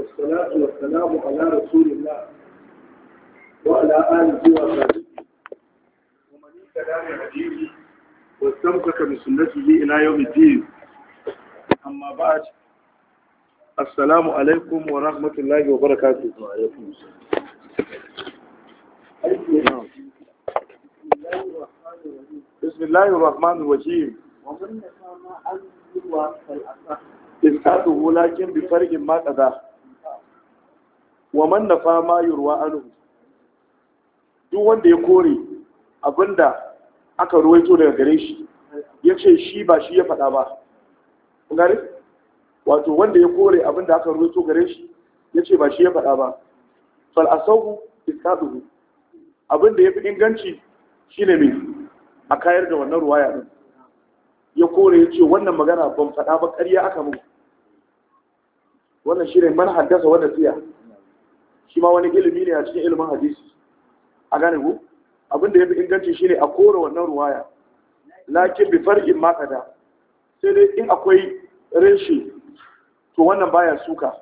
والصلاة والسلام على رسول الله وعلى آله وصحبه ومن اهتدى بهديه واستمسك بسنته إلى يوم الدين أما بعد السلام عليكم ورحمة الله وبركاته وعليكم السلام بسم الله الرحمن الرحيم ومن نسى ما أنزل فالأصح إسقاطه لكن بفرق ما قضاه wa man nafa ma yurwa anhu duk wanda ya kore abinda aka ruwaito daga gare shi ya ce shi ba shi ya fada ba gari wato wanda ya kore abinda aka ruwaito gare shi ya ce ba shi ya fada ba fal asahu isqatuhu abinda yafi inganci shine me a kayar da wannan ruwaya din ya kore ya ce wannan magana ban fada ba ƙarya aka mu wannan shi ne man haddasa wanda siya shi ma wani ilimi ne a cikin ilimin hadisi a gane ku Abinda ya fi inganci shine a kore wannan ruwaya lakin bi far'in makada sai dai in akwai reshe to wannan baya suka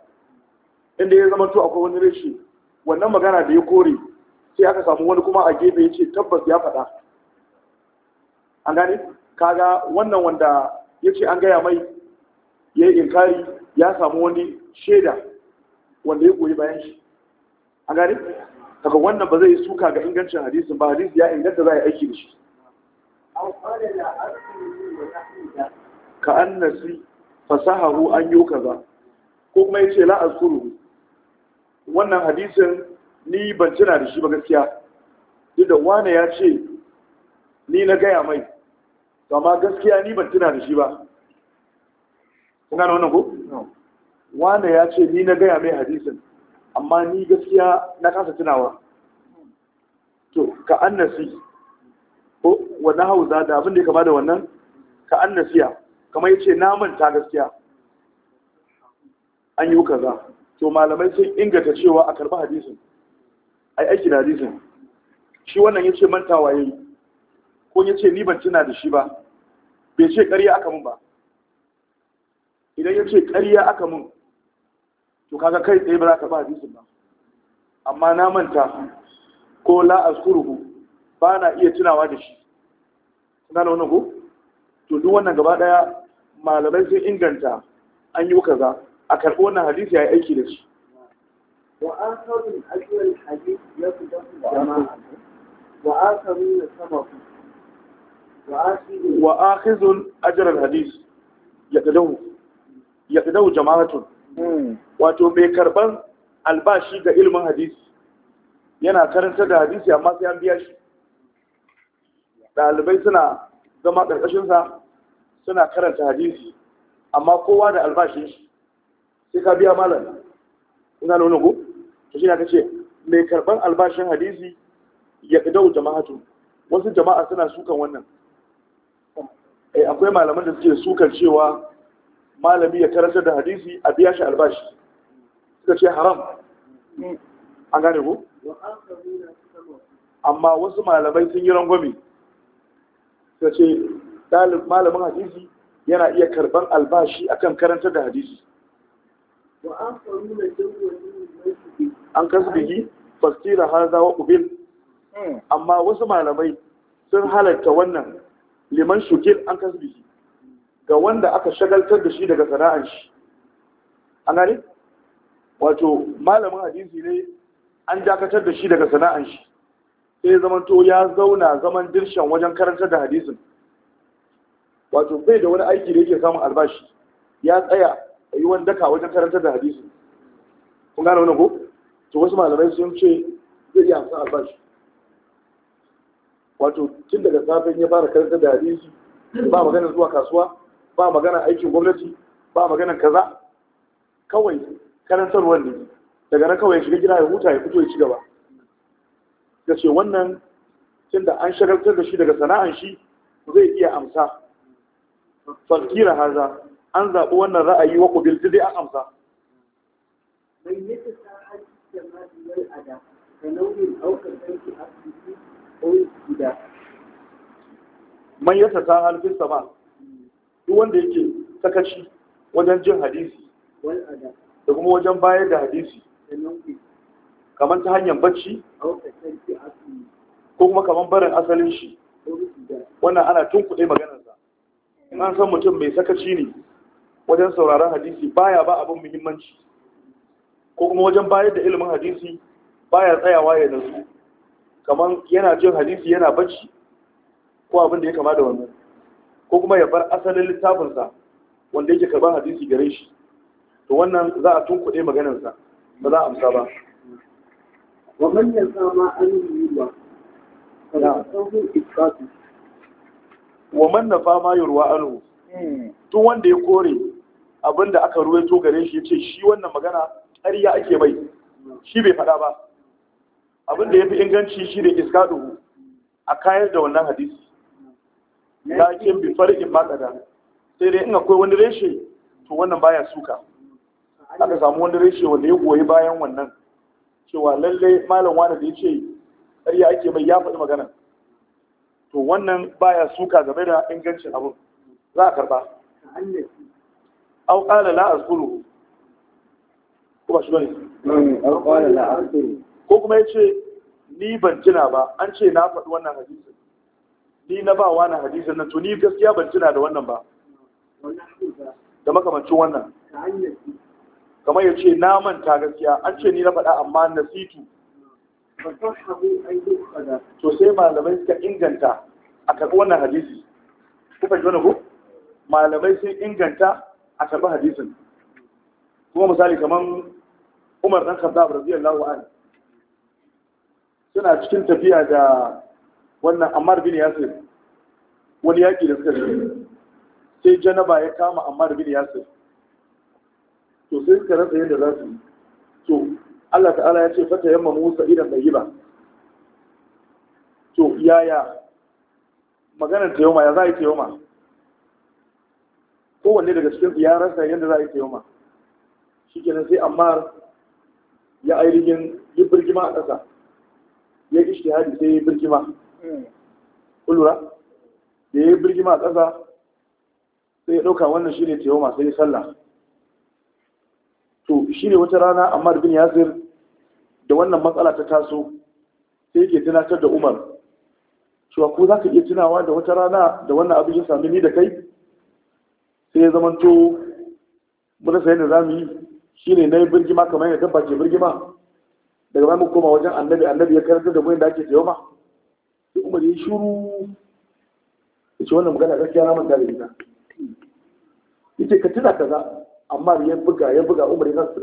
inda ya zama to akwai wani reshe wannan magana da ya kore sai aka samu wani kuma a gefe ya ce tabbas ya faɗa an gane kaga wannan wanda ya ce an gaya mai ya yi inkari ya samu wani shaida wanda ya goyi bayan shi a gari daga wannan ba zai suka ga ingancin hadisin ba hadis ya inganta za a yi aiki da shi ka an nasi fasahahu an yi kaza ko kuma ya ce la azkuru wannan hadisin ni ban tuna da shi ba gaskiya duk da wane ya ce ni na gaya mai amma gaskiya ni ban tuna da shi ba kun gane wannan ko wane ya ce ni na gaya mai hadisin amma ni gaskiya na kasa tunawa to ka annasi ko wannan hauza da abin da ya kama da wannan ka annasiya kamar yace na manta gaskiya an yi kaza to malamai sun inganta cewa a karbi hadisin ai aiki da hadisin shi wannan yace mantawa yayi ko yace ni ban tuna da shi ba bai ce ƙarya aka mun ba idan yace ƙarya aka mun to kaga kai tsaye ba za ka ba hadisin ba amma na manta ko la azkuruhu ba na iya tunawa da shi kuna da wani ko to duk wannan gaba daya malamai sun inganta an yi kaza a karɓi wannan hadisi ya yi aiki da shi وآخر من أجل الحديث na جماعة وآخرون سبقوا ajiyar أجر ya يقدم يقدم جماعة wato mai karban albashi ga ilimin hadisi yana karanta da hadisi amma sai an biya shi ɗalibai suna zama ƙarƙashinsa suna karanta hadisi amma kowa da albashin shi sai ka biya malam ina da ku shi na kace ce mai karban albashin hadisi ya ƙidau jama'atu wasu jama'a suna sukan wannan eh, akwai malaman da suke sukan cewa malami ya karanta da hadisi a biya shi albashi suka ce haram an gane ku amma wasu malamai sun yi rangwame suka ce malamin hadisi yana iya karban albashi akan karanta da hadisi an kasu bigi fasira har wa ubil hmm. amma wasu malamai sun halatta wannan liman shukil an kasu bigi ga wanda aka shagaltar da shi daga sana'ar shi an gane wato malamin hadisi ne an dakatar da shi daga sana'ar shi sai zamanto ya zauna zaman dirshan wajen karantar da hadisin wato bai da wani aiki da yake samun albashi ya tsaya a yi wani daka wajen karantar da hadisin kun gane wani ko to wasu malamai sun ce zai iya hamsin albashi wato tun daga safen ya fara karantar da hadisi ba maganin zuwa kasuwa ba magana aikin gwamnati ba magana kaza kawai karantarwar ne daga nan kawai ya shiga gida ya huta ya fito ya ci gaba ya ce wannan da an shagaltar da shi daga sana'an shi zai iya amsa fakira haza an zaɓi wannan ra'ayi wa kubil dai an amsa man yasa ta halfin sama duk wanda yake sakaci wajen jin hadisi da kuma wajen bayar da hadisi kamar ta hanyar bacci ko kuma kamar barin asalin shi wannan ana tun kuɗe maganarsa in an san mutum mai sakaci ne wajen sauraron hadisi baya ba abin muhimmanci ko kuma wajen bayar da ilimin hadisi baya tsayawa ya nazu kamar yana jin hadisi yana bacci ko abin da ya kama da wannan ko kuma ya bar asalin littafinsa wanda yake karɓar hadisi gare shi to wannan za a tunkuɗe maganarsa ba za a amsa ba wa يزعم أن يروى فلسه إثباته ومن tun wanda ya kore abin da aka ruwaito gare shi ya ce shi wannan magana ƙarya ake mai shi bai faɗa ba abin da ya fi inganci shi da iskaduhu a kayar da wannan hadisi lakin bi farqin ma sai dai in akwai wani reshe to wannan baya suka aka samu wani reshe wanda ya goyi bayan wannan cewa lallai malam wani da ya ce ƙarya ake mai ya faɗi magana to wannan baya suka game da ingancin abu. za a karba au ƙala la azkuru ko ba shi bane au ƙala la azkuru ko kuma ya ce ni ban jina ba an ce na faɗi wannan hadisi ni na ba wani hadisin nan to ni gaskiya ban tuna da wannan ba da makamancin wannan kamar ya ce na manta gaskiya an ce ni na faɗa amma na situ to sai malamai suka inganta a karɓi wannan hadisi kuka ji wani ko malamai sun inganta a karɓi hadisin kuma misali kamar umar dan khattab brazil anhu suna cikin tafiya da wannan ammar bin yasir wani yaƙi da suka shiga sai janaba ya kama ammar bin yasir to sai suka rasa yadda za su yi to Allah ta'ala ya ce fata yamma musa idan bai yi ba to yaya maganar ta yoma ya za a yi ta yoma kowanne daga cikin ya rasa yadda za a yi ta yoma shi kenan sai ammar ya ainihin yi birgima a ƙasa ya ƙi shi sai ya yi birgima kulura da ya yi birgi a ƙasa sai ya ɗauka wannan shi ne taimama sai ya sallah to shi ne wata rana ammar bin yasir da wannan matsala ta taso sai yake tunatar da umar cewa ko za ka iya tunawa da wata rana da wannan abin ya sami ni da kai sai ya to muna sayan da za mu yi shi ne na yi birgima kamar yadda dabba ke birgima daga ma mu koma wajen annabi annabi ya karanta da mu yadda ake taimama umar ya shiru ya ce wannan magana gaskiya na manta da ita ya ka tuna kaza amma ya buga ya buga umar ya kan to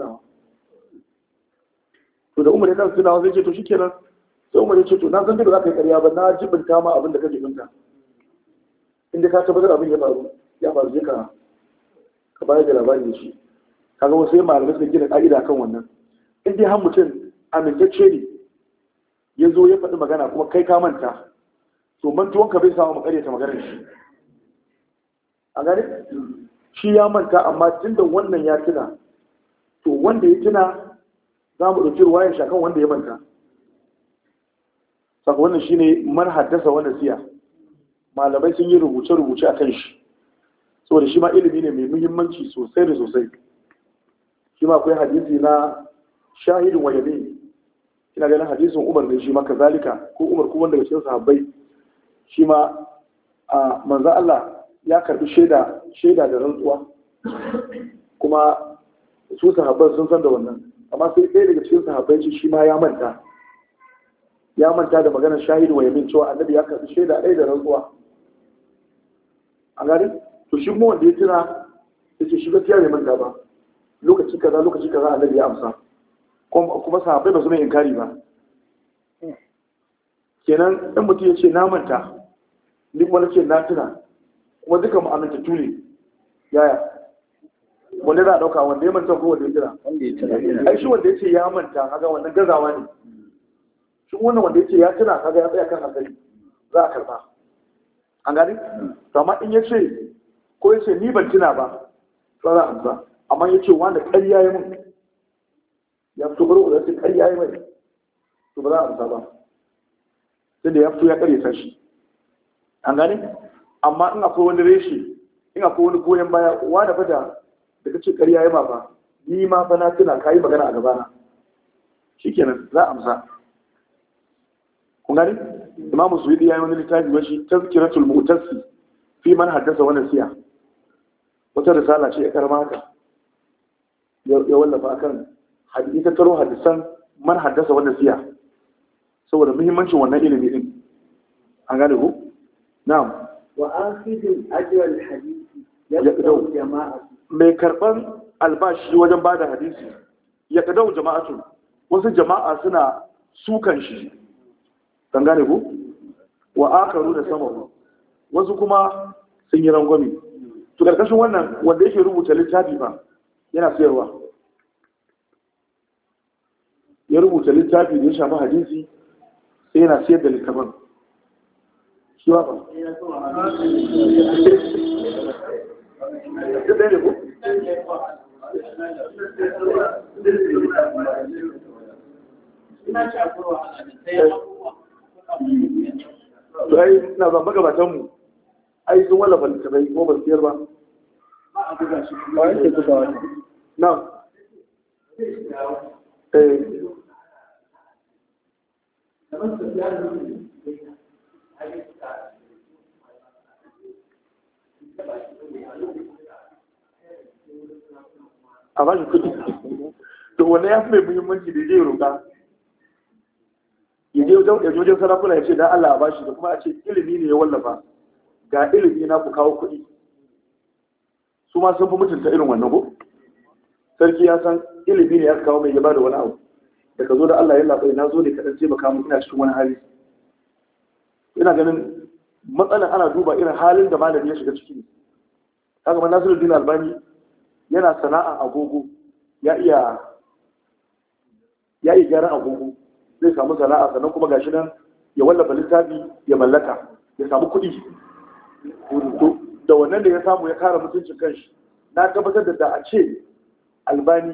da umar ya kan zai ce to shikenan sai umar ya ce to na san duk za ka yi karya ba na jibinta ma abin da ka jibinta inda ka tabbatar abin ya faru ya faru zai ka ka bayar da labarin da shi kaga wasu malamai suka gina ka'ida kan wannan in dai har mutum amintacce ne ya zo ya faɗi magana kuma kai ka manta to mantuwanka bai samu makaryata maganar shi a gani shi ya manta amma tun da wannan ya tuna to wanda ya tuna za mu ɗauki ruwayan shakan wanda ya manta saka wannan shi ne mar haddasa wannan siya malamai sun yi rubuce-rubuce a kan shi saboda shi ma ilimi ne mai muhimmanci sosai da sosai shi ma akwai hadisi na shahidin wayane ina ganin hadisin umar ne shi ma kazalika ko umar kuma daga cikin sahabbai shi ma a manzan Allah ya karbi shaida shaida da rantsuwa kuma su sahabban sun san da wannan amma sai ɗaya daga cikin sahabbai shi shi ma ya manta ya manta da maganar shahidu wa yamin cewa annabi ya karbi shaida ɗaya da rantsuwa a gani to shi kuma wanda ya tuna ya ce shi gaskiya bai manta ba lokaci kaza lokaci kaza annabi ya amsa kuma sahabbai ba su mai inkari ba kenan ɗan mutum ya ce na manta ni kuma ce na tuna kuma duka mu'aminta tule yaya wanda za a ɗauka wanda ya manta ko wanda ya tuna ai shi wanda ya ce ya manta kaga wannan gazawa ne shi wannan wanda ya ce ya tuna kaga ya tsaya kan hankali za a karba an gani to amma in ya ce ko ya ce ni ban tuna ba to za a amsa amma ya ce wanda ƙarya ya mun ya fito bari ƙarya ya mai to ba za a amsa ba sai da ya fito ya kare shi an gane amma in akwai wani reshe in akwai wani goyon baya wa da fada da kace ƙarya ya ba ni ma fa na tuna kai magana a gabana shikenan za a amsa kun gane imam ya yayi wani littafi wa shi tazkiratul mu'tasi fi man haddasa wani siya. wata risala ce ya karama haka ya wallafa akan hadisi taro hadisan man haddasa wani siya. saboda muhimmancin wannan ilimi din an gane ku na'am wa akhidul ajwal hadisi ya kadau jama'a mai karban albashi wajen bada hadisi ya kadau jama'atu wasu jama'a suna sukan shi kan gane ku wa akaru da sama wasu kuma sun yi rangwami to karkashin wannan wanda yake rubuta littafi ba yana sayarwa ya rubuta littafi da ya shafi hadisi sai yana siyar da littafin shi ba ba Rai na ba magabatanmu, ai sun wallafa littafai ko ba siyar ba. Ba a buga shi, ba a yake Na. a ba shi kudi to wannan ya fi mai muhimmanci da zai roƙa ya je wajen sarakuna ya ce dan Allah ba shi da kuma a ce ilimi ne ya wallafa ga ilimi na ku kawo kuɗi su ma sun fi mutunta irin wannan ko sarki ya san ilimi ne ya kawo mai gaba da wani abu daga zo da Allah ya labai na zo ne kaɗan dan taimaka ina cikin wani hali ina ganin matsalar ana duba irin halin da malami ya shiga ciki kaga nasiru din Albani yana sana'a agogo ya iya ya iya gyaran agogo zai samu sana'a sannan kuma gashi nan ya wallafa littafi ya mallaka ya samu kuɗi da wannan da ya samu ya kara mutuncin kanshi na tabbatar da da a ce albani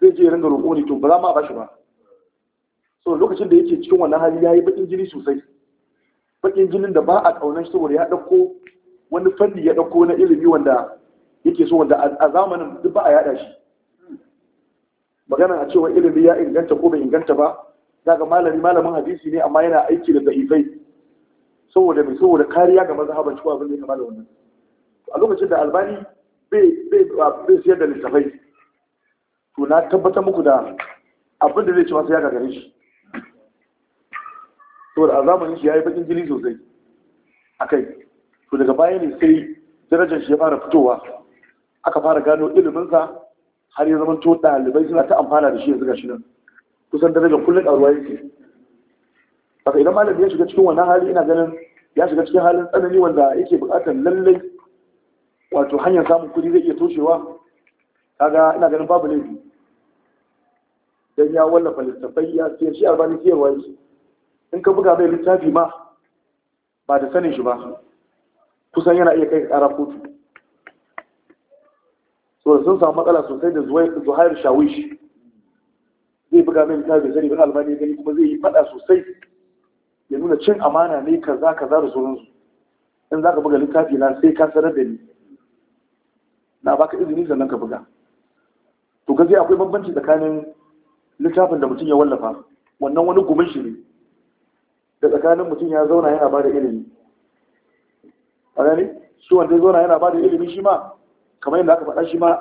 zai je ya ringa roƙo ne to ba za ma ba shi ba so lokacin da yake cikin wannan hali ya yi baƙin jini sosai baƙin jinin da ba a ƙaunar shi saboda ya ɗauko wani fanni ya ɗauko na ilimi wanda yake so wanda a zamanin duk ba a yaɗa shi magana a cewa ilimi ya inganta ko bai inganta ba daga malami malamin hadisi ne amma yana aiki da dhaifai saboda mai saboda kariya ga mazhaban cewa abin da ya kama da wannan a lokacin da albani bai siyar da littafai to na tabbatar muku da abin da zai ci masu ya gagare shi to a zamanin shi ya yi bakin jini sosai a kai to daga baya ne sai darajar shi ya fara fitowa aka fara gano iliminsa har ya zama to ɗalibai suna ta amfana da shi yanzu ga shi nan kusan darajar kullum ƙaruwa yake ka idan malami ya shiga cikin wannan hali ina ganin ya shiga cikin halin tsanani wanda yake buƙatar lallai wato hanyar samun kuɗi zai iya toshewa kaga ina ganin babu laifi dan ya wallafa littafai ya ce shi albani siyarwa wai in ka buga mai littafi ma ba da sanin shi ba kusan yana iya kai kara kotu so sun samu matsala sosai da zuhair shawish zai buga mai littafi zai ba albani gani kuma zai yi fada sosai ya nuna cin amana ne kaza kaza da sunansu. in za ka buga littafi na sai ka sanar da ni na baka izini sannan ka buga zai akwai bambanci tsakanin littafin da mutum ya wallafa wannan wani gumin shi ne da tsakanin mutum ya zauna yana ba da ilimi a gani shi wanda ya zauna yana ba da ilimi shi ma kamar yadda aka faɗa shi ma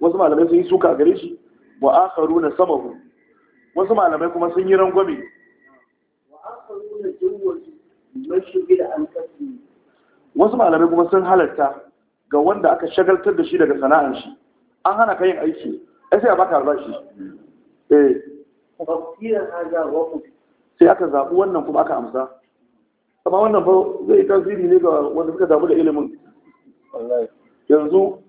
wasu malamai sun yi suka gare shi wa akharu na ku. wasu malamai kuma sun yi rangwame wasu malamai kuma sun halatta ga wanda aka shagaltar da shi daga sana'ar shi an hana ka yin aiki ai sai a baka albashi eh sai aka zaɓi wannan kuma aka amsa amma wannan ba zai tasiri ne ga wanda suka zaɓi da ilimin yanzu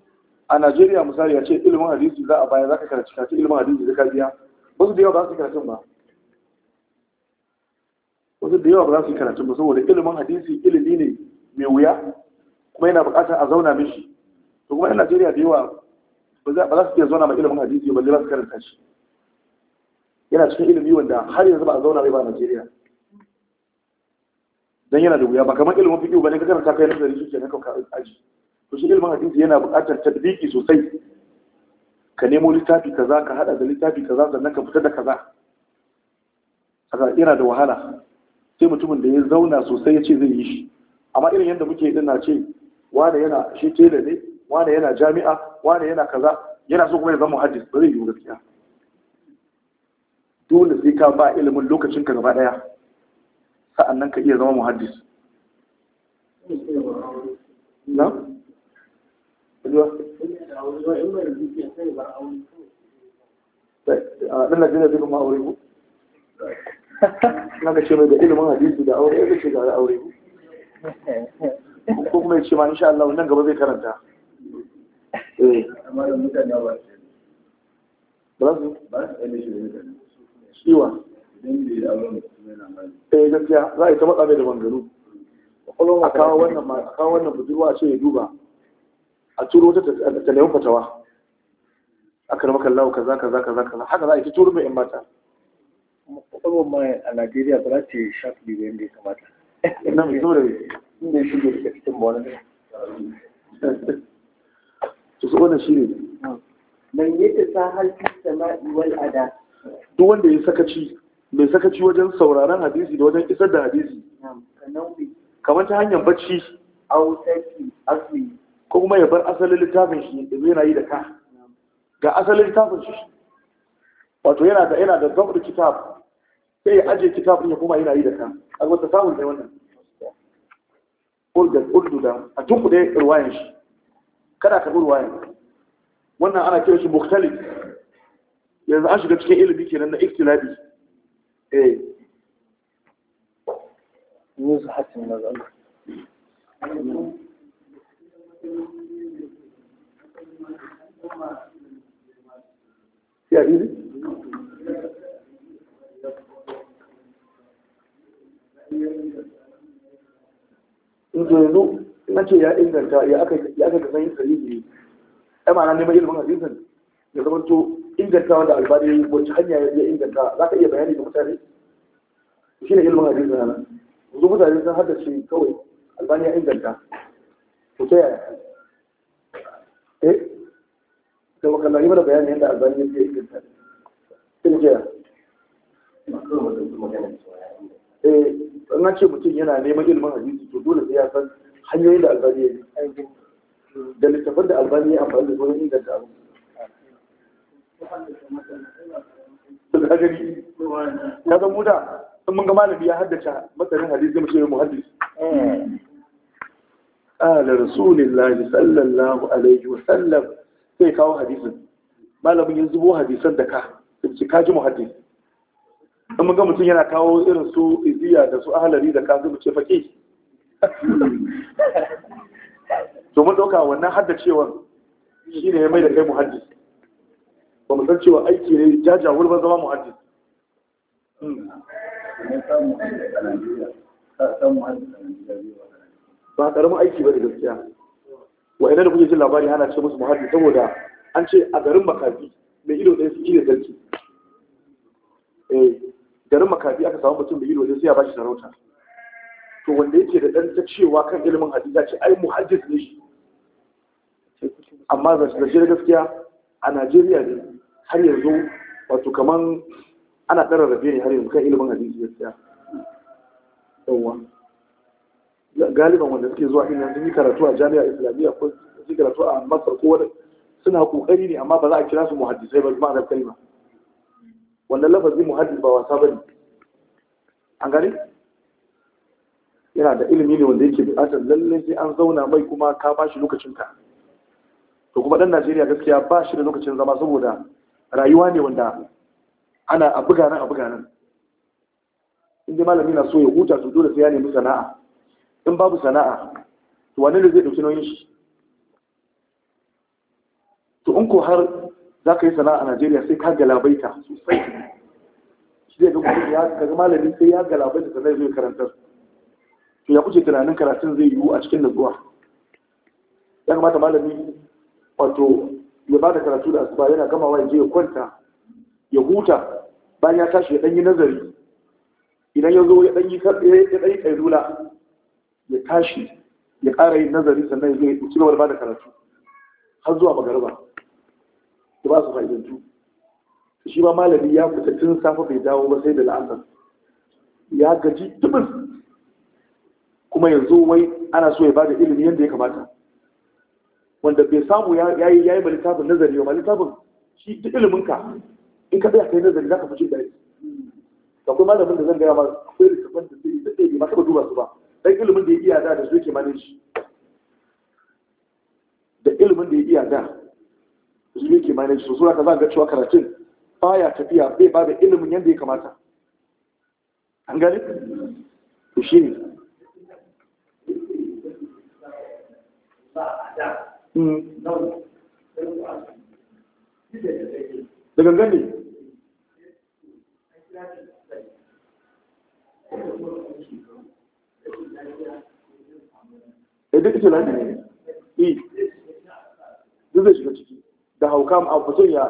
a najeriya misali ya ce ilimin hadisi za a baya za ka karci karci ilimin hadisi da karbiya wasu da yawa ba su karatun ba wasu da yawa ba za su karatun ba saboda ilimin hadisi ilimi ne mai wuya kuma yana buƙatar a zauna mishi to kuma yan najeriya da yawa ba za su iya zauna ma ilimin hadisi ba za karanta shi yana cikin ilimi wanda har yanzu ba a zauna bai ba a Najeriya Don yana da wuya ba kamar ilimin fiqh ba ne ka karanta kai nazari shi kenan ka aji to shi ilimin hadisi yana buƙatar tadbiki sosai ka nemo littafi kaza ka hada da littafi kaza sannan ka fita da kaza haka yana da wahala sai mutumin da ya zauna sosai ya ce zai yi shi amma irin yadda muke yi na ce wane yana shi tela ne wane yana jami'a wane yana kaza yana so kuma ya zama muhaddis ba zai yi gaskiya dole sai ka ba ilimin lokacin ka gaba daya sa'annan ka iya zama muhaddis na ɗan zai kuma aure ku? Na ga ce mai da ilimin hadisi da aure ya ce da aure ku? Ko kuma ya ce ma insha Allah nan gaba zai karanta. ba su ciwa za a yi ta matsa mai da a kawo wannan budurwa a ce ya duba a turo ta ta fatawa a haka za a yi ta turo mai mata kwakwalwar a najeriya ba za ta yi shafi da yadda ya kamata mai zo da inda ya shige da cikin to su shi ne man yadda isa halfi sama'i wal ada duk wanda ya sakaci mai sakaci wajen sauraron hadisi da wajen isar da hadisi kamar ta hanyar bacci ko kuma ya bar asalin littafin shi da zai yi da ka ga asalin littafin shi wato yana da yana da zaɓar kitab sai ya ajiye kitab ya kuma yana yi da ka a wata samun da wannan urdu da a tunkuɗe ruwayan shi kada ka ruwa ne wannan ana kira shi mukhtalif yanzu an shiga cikin ilimi kenan na ikhtilafi eh yuzu hatin nazar Ya bibi? Yanzu yanzu in an ce ya inganta ya aka kasan san sahihi ne ai ma'ana neman ilimin hadisin ya zama to inganta wanda albani wacce hanya ya inganta za ka iya bayani ga mutane shi ne ilimin hadisin nan yanzu mutane sun haddace kawai albani ya inganta to ta yaya eh da makallari mana bayani yadda albani ya inganta sun jiya eh an ce mutum yana neman ilimin hadisi to dole sai ya san hanyoyin da albani ya yi da littafin da albani ya amfani da zuwa inda da gani ya zan muda sun mun ga malami ya haddace matsayin hadisi zai mace mu hadis ala rasulillahi sallallahu alaihi wa sallam sai kawo hadisin malamin ya zubo hadisan da ka sai ka ji muhaddis in mun ga mutum yana kawo irin su iziya da su ahalari da ka zai mace faƙi to mun dauka wannan cewa shi ne ya mai da kai muhaddis ba mu san cewa aiki ne jaja ba zama muhaddis ba karamin aiki ba da gaskiya wa ina da kuke jin labari hana ce musu muhaddis saboda an ce a garin makafi mai ido ɗaya su ne sarki eh, garin makafi aka samu mutum mai ido ɗaya sai ya ba shi sarauta to wanda yake da ɗan ta cewa kan ilimin hadisa ce ai muhaddis ne shi amma zai da gaskiya a najeriya ne har yanzu wato kaman ana ɗara rabe ne har yanzu kan ilimin hadisi gaskiya yawwa galiban wanda suke zuwa ina sun yi karatu a jami'a islamiyya ko yi karatu a masar ko wani suna kokari ne amma ba za a kira su muhaddisai ba ma'anar kalma wannan lafazin muhaddis ba wasa ba ne an gani yana da ilimi ne wanda yake buƙatar lallai sai an zauna mai kuma ka ba shi lokacin ka. to kuma ɗan najeriya gaskiya ba shi da lokacin zama saboda rayuwa ne wanda ana a buga nan a buga nan inda malami na so ya huta to dole sai ya nemi sana'a in babu sana'a to wani ne zai ɗauki nauyin shi to in ko har za ka yi sana'a a najeriya sai ka galabaita sosai shi zai ga malami sai ya galabaita sannan zai karantar to ya kuke tunanin karatun zai yiwu a cikin nutsuwa ya kamata malami wato ya ba da karatu da asuba yana gamawa ya je ya kwanta ya huta bayan ya tashi ya ɗanyi nazari idan ya zo ya ɗanyi ƙailula ya tashi ya ƙara yin nazari sannan ya zo ya ci da ba da karatu har zuwa magariba ya ba su fa'idantu shi ba malami ya fita tun safe bai dawo ba sai da la'asar ya gaji tubus kuma yanzu wai ana so ya bada ilimi yadda ya kamata wanda bai samu ya yi ya yi littafin nazari ba littafin shi duk ilimin ka in ka tsaya kai nazari za ka fi jin daɗi akwai malamin da zan gaya ma akwai littafin da zai da ɗaya ba taɓa duba su ba dan ilimin da ya iya da da su yake mane shi da ilimin da ya iya da su yake mane su zuwa ka za ga cewa karatun baya tafiya bai ba da ilimin yadda ya kamata an gane to ne. da hmm. idan yi eh, duk e, ciki da hauka a mutum ya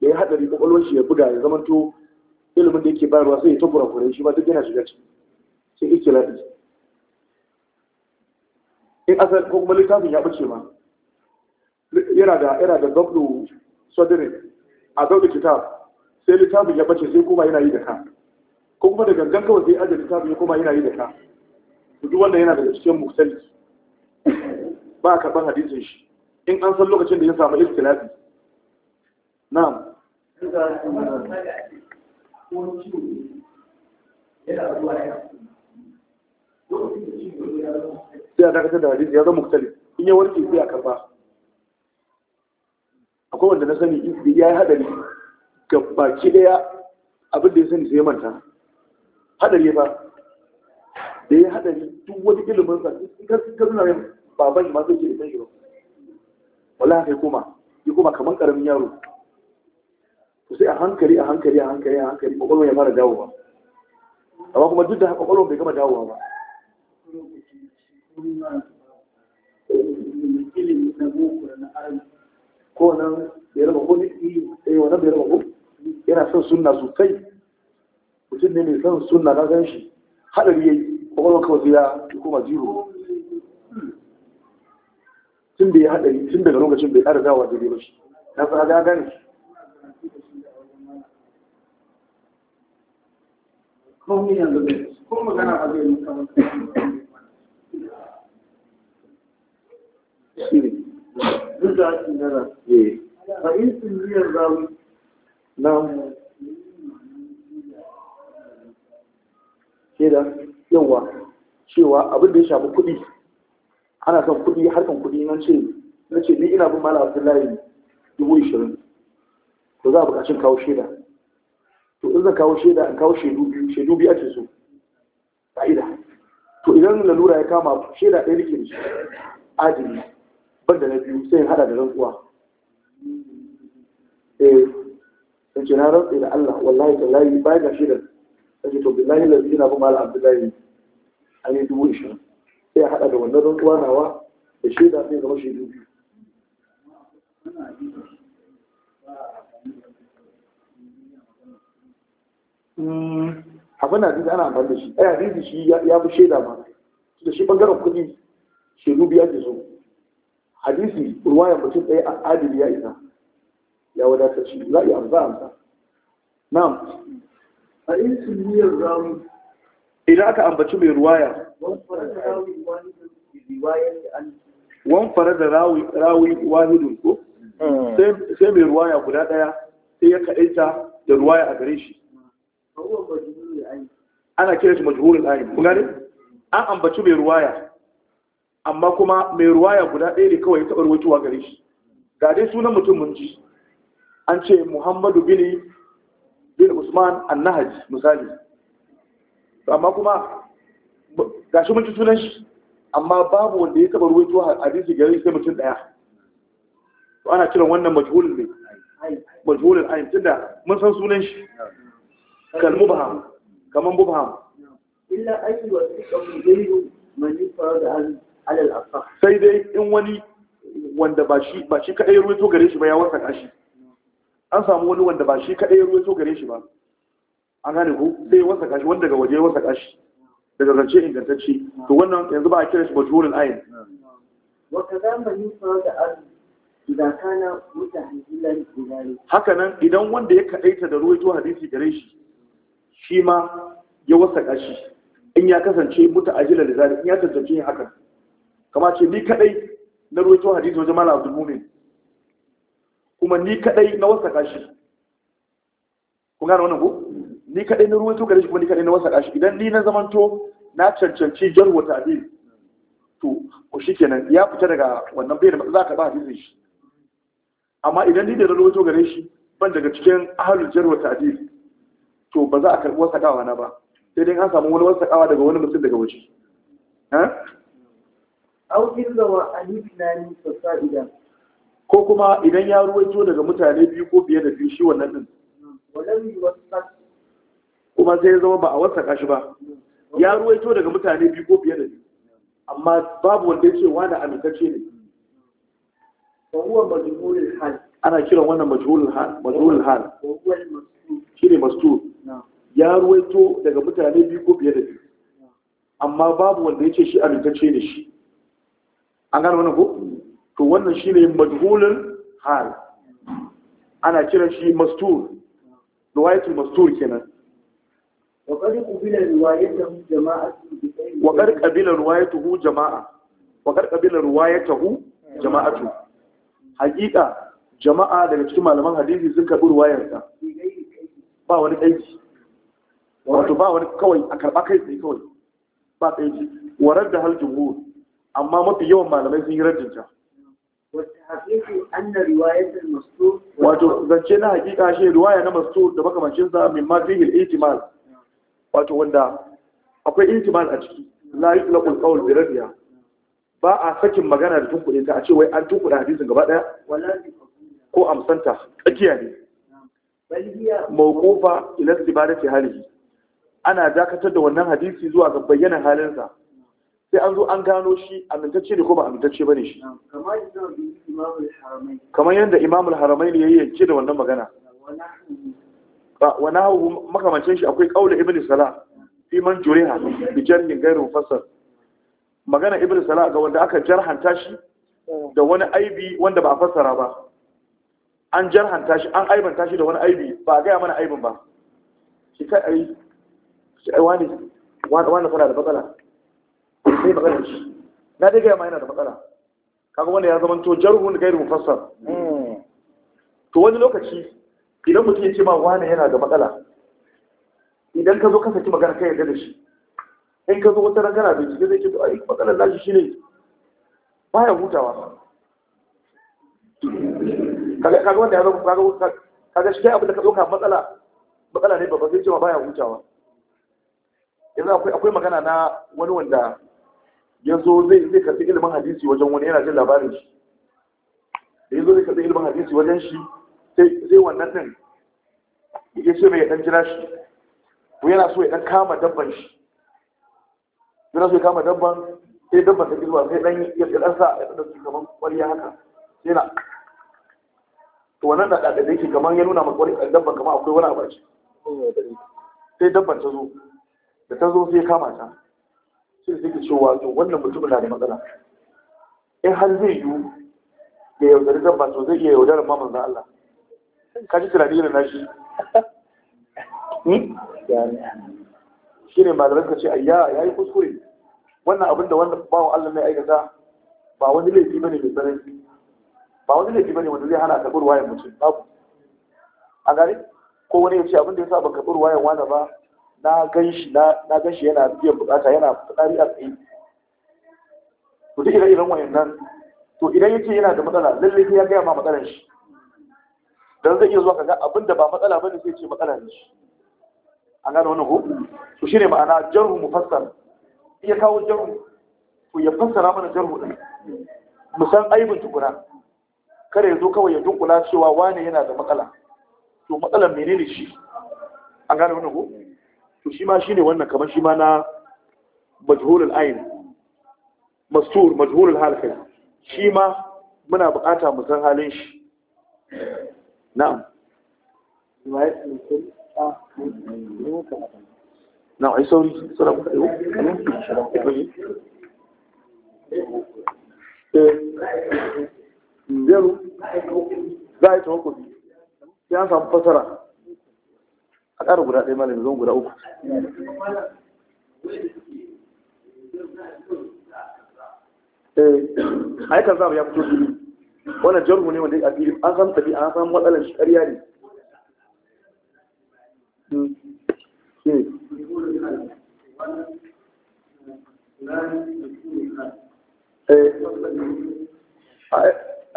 ya yi haɗari ƙwaƙwalwar shi ya buga ya zamanto ilimin da yake bayarwa sai ya tabbura kure shi ba duk yana shiga ciki sai ike lafi in asali ko kuma littafin ya bace ma yana da yana da gablu sodiri a gablu kitab sai littafin ya bace sai kuma yana yi da ka ko kuma da gangan kawai sai ajiye littafin ya kuma yana yi da ka duk wanda yana da cikin muktali ba ka ban hadisin shi in an san lokacin da ya samu ikhtilafi na'am yana zuwa ya lokacin da shi ya zo sai a dakatar da hadisi ya zama muktali in ya warke sai a karba akwai wanda na sani ya yi hadari ga baki daya abin da ya sani sai ya manta hadari ya ba da ya hadari duk wani ilimin sa in ka sun kasu na yin baban ma zai ke da shi ba wala kai kuma ya koma kamar karamin yaro sai a hankali a hankali a hankali a hankali kwakwalwa ya fara dawowa amma kuma duk da haka kwakwalwa bai gama dawowa ba ilimi na boko da na yana son sosai mutum ne mai son na gan shi haɗari yayi kwakwalwar kawai ya koma jiro tun da ya haɗari tun daga lokacin bai ƙara daidai ba shi na tsara ga gane kuma magana zai shine duk da ake nana eh a in sun riyar zawi na shaida yawa cewa abin da ya shafi kuɗi ana son kuɗi harkan kuɗi nan ce na ce ni ina bin malam layi dubu ishirin to za a buƙacin kawo shaida to in zan kawo shaida in kawo shaidu biyu shaidu biyu ake so ka'ida. to idan lalura ya kama shaida ɗaya nake da shi adili da na biyu sai hada da rantsuwa eh in ce na rantsa da Allah wallahi tallahi ba ga shi da sai to billahi la ilaha illa Allah abdullahi ayi dubu ishirin sai hada da wannan rantsuwa nawa da shaida sai zama shaidu biyu hmm, abin hadisi ana amfani da shi ai hadisi shi ya fi shaida ma da shi bangaren kuɗi shaidu biya ke so hadisi ruwaya mutum ɗaya a adili ya isa ya wadata shi za a yi amsa amsa na'am a in sunniyar ramu idan aka ambaci mai ruwaya wan fara da rawi wahidun ko hmm. sai mai ruwaya guda ɗaya sai ya kaɗaita da ruwaya a gare shi ana kira shi majhulul ayin kun an ambaci mai ruwaya amma kuma mai ruwaya guda ɗaya ne kawai taɓa ruwaituwa gare shi ga dai sunan mutum mun ji an ce muhammadu bin bin usman annahaji misali amma kuma ga shi mun ci sunan shi amma babu wanda ya taɓa ruwaituwa hadisi gare sai mutum ɗaya to ana kiran wannan majhulul ne majhulul ayin tunda mun san sunan shi kalmu mubham kaman mubham illa ayyu wa tikam ghayru man da an sai dai in wani wanda ba shi kaɗai shi kadai gare shi ba ya wasa shi an samu wani wanda ba shi kaɗai kadai ruwaito gare shi ba an gane ko sai wasa shi wanda ga waje wasa shi daga zance ingantacce to wannan yanzu ba a kira shi majhulul ayin wa kadama ni fa da arzi idan kana mutahillan gudare haka nan idan wanda ya kaɗaita da ruwaito hadisi gare shi shi ma ya wasa shi in ya kasance mutahillan da zalika in ya tantance hakan kama ce ni kadai na ruwaito hadisi wajen malam abdul mumin kuma ni kadai na wasa kashi kun gane wannan ko ni kadai na ruwa cewa kuma ni kadai na wasa kashi idan ni na zamanto na cancanci jarwa ta'dil to ko kenan ya fita daga wannan bayanin za ka ba hadisin shi amma idan ni da na ruwaito gare shi ban daga cikin ahlul jarwa ta'dil to ba za a karɓi wasakawa na ba sai dai an samu wani kawa daga wani mutum daga waje au illa wa alifnani idan. ko kuma idan ya ruwaito daga mutane biyu ko biye da biyu shi wannan din hmm. kuma sai ya zama ba a wasa kashi ba hmm. ya ruwaito daga mutane biyu ko biye da biyu hmm. amma babu wanda ya ce wani amintacce ne ana kiran wannan majhulul hal shi ne mastur ya ruwaito daga mutane biyu ko biye da biyu amma babu wanda ya ce shi amintacce ne shi an gano wani ko to wannan shi ne majhulul hal ana kira shi mastur riwayatul mastur kenan wa qad qabila riwayatuhu jama'a wa qad qabila riwayatuhu jama'a wa qad qabila riwayatuhu jama'atu hakika jama'a daga cikin malaman hadisi sun karbi riwayarsa ba wani aiki wato ba wani kawai a karba kai tsaye kawai ba tsaye warar da hal jumhur amma mafi yawan malamai sun yi rajinta wato zance na hakika shi riwaya na masu da makamancin sa min ma fihi al itimal. wato wanda akwai itimal a ciki la yi al-qawl bi radiya ba a sakin magana da tunkuɗe ta a ce wai an tunkuɗe hadisin gaba ɗaya ko amsanta tsakiya ne mawqufa ila istibadati halihi ana dakatar da wannan hadisi zuwa ga bayyana halinsa sai an zo an gano shi amintacce ne ko ba amintacce ba ne shi kamar yadda imamul haramai ne ya yanke da wannan magana wani hau makamancin shi akwai ƙaunar ibn sala iman juriha da jarhin gairu fasar magana ibn sala ga wanda aka jarhanta shi da wani aibi wanda ba a fassara ba an jarhanta shi an aibanta shi da wani aibi ba a gaya mana aibin ba shi kai ai wani wani fara da bakala sai magana shi na dai gaya ma yana da matsala kaga wanda ya zama to jarhun gairu mufassar hmm. to wani lokaci idan mutum ya ce ma wani yana da matsala idan ka zo ka saki magana kai yadda da shi in ka zo wata rangana da jike zai ce to ai matsalar nashi shine baya hutawa kaga wanda ya zama kaga kaga shi kai abin da ka ɗauka matsala matsala ne babba zai ce ma baya hutawa yanzu akwai magana na wani wanda ya zo zai karɓi ilimin hadisi wajen wani yana jin labarin shi da ya zo zai karɓi ilimin hadisi wajen shi sai wannan ɗin ya ce mai ya ɗan jira shi ko yana so ya ɗan kama dabban shi yana so ya kama dabban sai dabban ta zuwa sai ɗan ya ɗan sa ya ɗan kamar kwariya haka sai na to wannan da da yake kamar ya nuna makwari dabban kamar akwai wani abarci sai dabban ta zo da ta zo sai ya kama ta sai suke cewa to wannan mutum na da matsala in har zai yi da yaudari zan ba to zai iya yaudarar ma manzan Allah ka ji tunani irin nashi hmm? shi ne da ranka ce ayya ya yi kuskure wannan abin da wannan bawa Allah ne aikata ba wani laifi ne mai tsanani ba wani laifi bane wanda zai hana karɓar wayan mutum babu a gare ko wani ya ce abin da ya sa ban karɓar wayan wani ba na gan shi yana biyan bukata yana fitsari a tsaye to duk ire-iren wayannan to idan yake yana da matsala lalle sai ya gaya ma matsalar shi dan zai iya zuwa kaga abin da ba matsala bane sai ce matsala ne shi an gano wannan ko to shine ma'ana jarhu mufassar iya kawo jarhu to ya fassara mana jarhu din mu san aibin tukuna kada ya zo kawai ya dunkula cewa wane yana da matsala to matsalar menene shi an gano wannan ko to shi ma shi ne wannan kamar shi ma na majhulul ayin mastur majhulul halkai kai shi ma muna bukata mu san halin shi na'am na'am ai sauri sura ku ayo eh. zero za a yi tawakobi ya samu fasara a ƙara guda ɗaya malam zan guda uku eh ai kaza ya fito fili wannan jarhu ne wanda a fili an san tabi an san matsalar shi ƙarya ne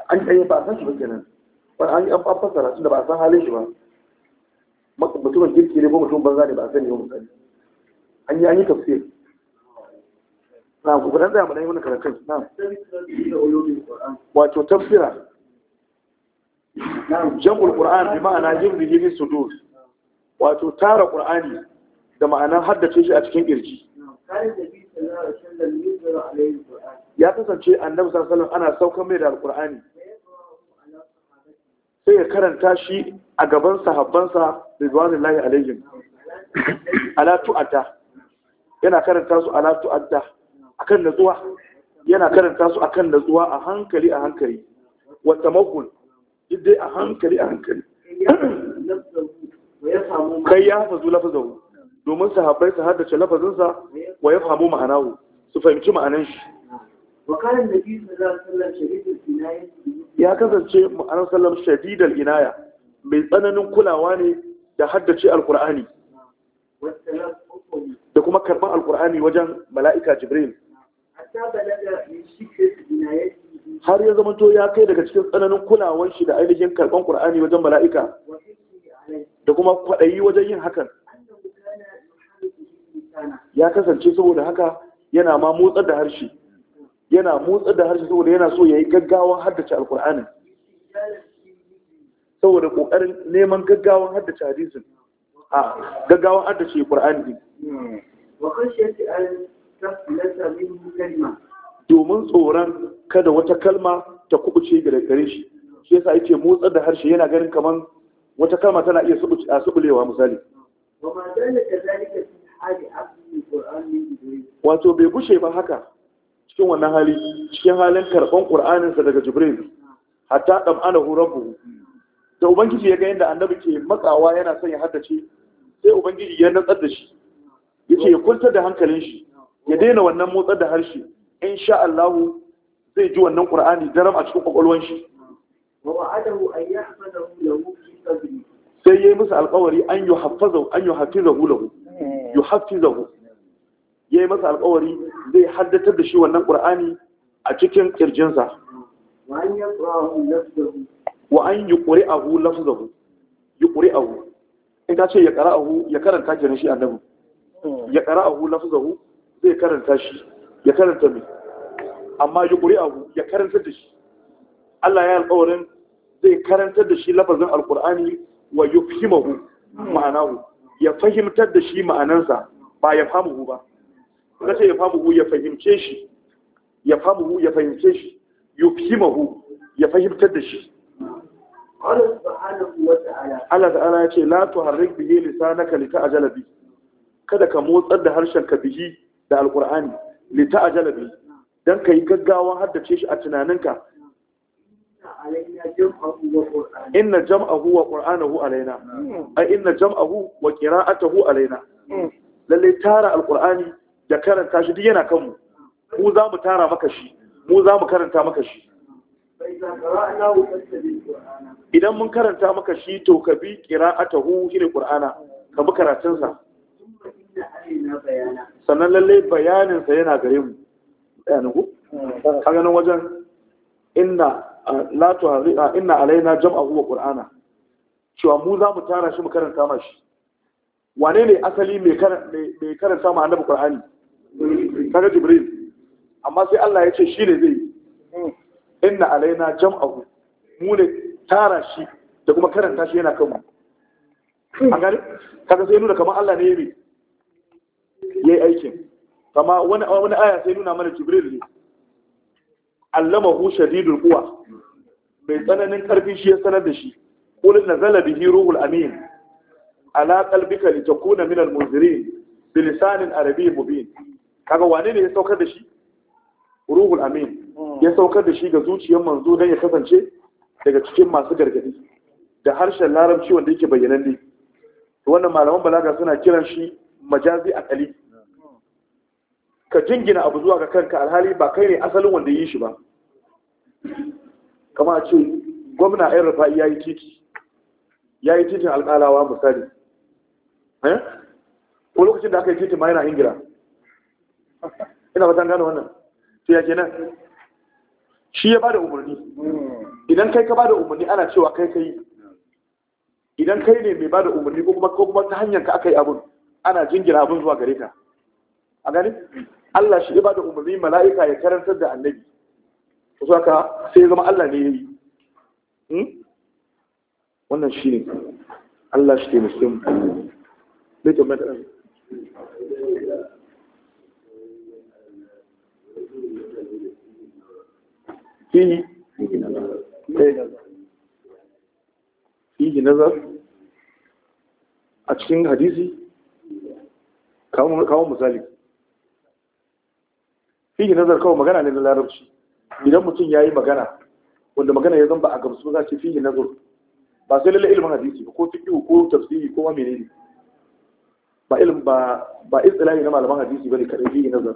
an ɗaya ba san shi ba kenan an fasara tun da ba san halin shi ba mutumin girki ne ko mutum banza ne ba a sani ba misali an yi an yi tafsir na ku dan tsaya mu dai wannan karatun na wato tafsira jam'ul qur'an bi ma'ana jibri bi sudur wato tara qur'ani da ma'anar haddace shi a cikin kirji ya kasance annabi sallallahu alaihi ana saukar mai da alqur'ani sai ya karanta shi a gaban sahabbansa ridwanullahi alaihim alatu adda yana karanta su ala tu'adda akan natsuwa yana karanta su akan natsuwa a hankali a hankali wata makon idai a hankali a hankali kai ya hafazu lafazawu domin sahabbai su haddace lafazinsa wa ya fahimu ma'anawu su fahimci ma'anan shi ya kasance ma'anar sallam shadidal inaya mai tsananin kulawa ne da haddace alkur'ani da kuma karɓar alkur'ani wajen mala'ika jibril har ya zama to ya kai daga cikin tsananin kulawan shi da ainihin karɓar ƙur'ani wajen mala'ika da kuma kwaɗayi wajen yin hakan ya kasance saboda haka yana ma motsar da harshe yana motsar da harshe saboda yana so ya yi gaggawa haddace alkur'anin saboda kokarin neman gaggawan haddace hadisin a gaggawan haddace qur'ani din wa khashyati an tafsilata minhu kalima domin tsoron kada wata kalma ta kubuce daga gare shi shi yasa yake motsar da harshe yana ganin kaman wata kalma tana iya subulewa misali wa ma dalla kadhalika fi hali aqli qur'ani wato bai gushe ba haka cikin wannan hali cikin halin karban qur'anin sa daga jibril hatta dam ana rabbuhu da ubangiji ya ga yadda annabi ke matsawa yana son ya haddace sai ubangiji ya nutsar da shi yace ya kwantar da hankalin shi ya daina wannan motsar da harshe insha Allah zai ji wannan Qur'ani daram a cikin kwakwalwar shi wa wa'adahu an yahfazahu lahu fi sadri sai yayi musu alƙawari an yuhaffazahu an yuhaffizahu lahu yuhaffizahu yayi masa alƙawari zai haddatar da shi wannan Qur'ani a cikin kirjinsa wa an yaqra'u nafsuhu wa an yi ƙuri'ahu lafzahu yi ƙuri'ahu in ka ce ya ƙara'ahu ya karanta kenan shi nan ya ƙara'ahu lafzahu zai karanta shi ya karanta mai amma yi ƙuri'ahu ya karanta da shi Allah ya alƙawarin zai karantar da shi lafazin alƙur'ani wa yi fihimahu ma'anahu ya fahimtar da shi ma'anansa ba ya famuhu ba ka ce ya famuhu ya fahimce shi ya famuhu ya fahimce shi yi ya fahimtar da shi Allah ta'ala ya ce la tuharrik bihi lisanaka a bi kada ka motsar da harshen ka bihi da alqur'ani jalabi, bi dan kai gaggawa haddace shi a tunaninka inna jam'ahu wa qur'anahu alaina hmm. ai inna jam'ahu wa hu alaina hmm. lalle tara alqur'ani da karanta shi duk yana kanmu mu za mu tara maka shi mu za mu karanta maka shi idan mun karanta maka shi to ka bi qira'atahu shine qur'ana ka bi karatun sa sannan lalle bayanin sa yana gare mu bayanin ku kaga wajen inna la tuharrika inna alaina jam'ahu wa ƙur'ana, cewa mu za mu tara shi mu karanta ma shi wane ne asali mai karanta ma annabi qur'ani kaga jibril amma sai Allah ya ce shi ne zai inna alaina jam'ahu mu ne tara shi da kuma karanta shi yana kanmu A gani kaga sai nuna kamar Allah ne yayi yayi aikin kama wani wani aya sai nuna mana Jibril ne allamahu shadidul quwa mai tsananin karfi shi ya sanar da shi qul nazala bihi ruhul amin ala qalbika litakuna minal munzirin bilisanin arabiy mubin kaga wane ne ya saukar da shi ruhul amin ya saukar da shi ga zuciyar manzo don ya kasance daga cikin masu gargadi da harshen larabci wanda yake ne, to wannan malaman balaga suna kiran shi majazi akali ka jingina abu zuwa ga kanka alhali ba kai ne asalin wanda yi shi ba kama ce gwamna ayin rafa'i ya yi titi ya yi titin alƙalawa misali eh? ko lokacin da aka yi titin ma yana ingila ina ba gane wannan sai ya kenan shi ya bada umarni idan kai ka bada umarni ana cewa kai kai idan kai ne mai bada umarni ko kuma ko kuma ta hanyar ka aka yi abun ana jingira abun zuwa gare ka a gani Allah shi ya bada umarni mala'ika ya karantar da annabi Kusa saka sai zama Allah ne yayi hmm? wannan shi ne Allah shi ne muslim bai tabbata fihi fihi eh. nazar a cikin hadisi kawo misali fihi nazar kawai magana ne na larabci idan mutum ya yi magana wanda magana ya zamba a gamsu za ce fihi nazar ba sai lalle ilmin hadisi ba, ko fiqh ko tafsiri ko menene ba ilm ba ba istilahi na malaman hadisi ba bane kadai fihi nazar